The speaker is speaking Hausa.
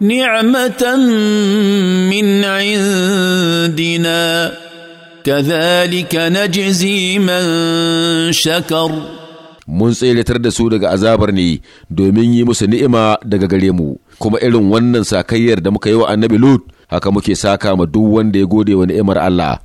نعمه من عندنا كذلك نجزي من شكر mun tseratar da su daga azabar ne domin yi musu ni'ima daga gare mu kuma irin wannan sakayyar da muka yi wa annabi lut haka muke saka ma duk wanda ya gode wa ni'imar Allah